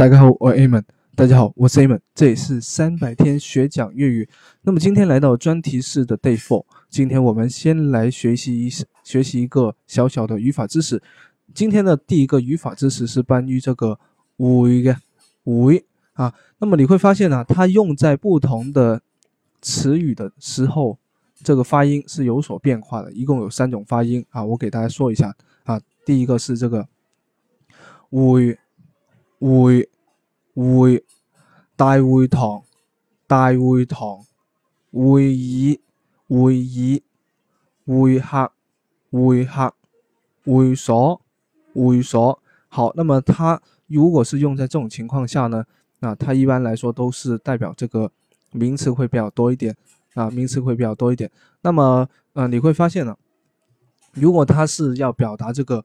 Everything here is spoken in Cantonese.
大家好，我是 Aman。大家好，我是 Aman。這也是三百天學講粵語。那麼今天來到專題四的 Day Four。今天我們先來學習一學習一個小小的語法知識。今天的第一個語法知識是關於這個“唔”嘅“唔”啊。那麼你會發現呢、啊，它用在不同的詞語的時候，這個發音是有所變化的。一共有三種發音啊，我給大家說一下啊。第一個是這個“唔”。會，會，大會堂，大會堂，會議，會議，會客，會客，會所，會所。好，那麼它如果是用在這種情況下呢？啊，它一般來說都是代表這個名詞會比較多一點啊，名詞會比較多一點。那麼，嗯、呃，你會發現呢，如果它是要表達這個。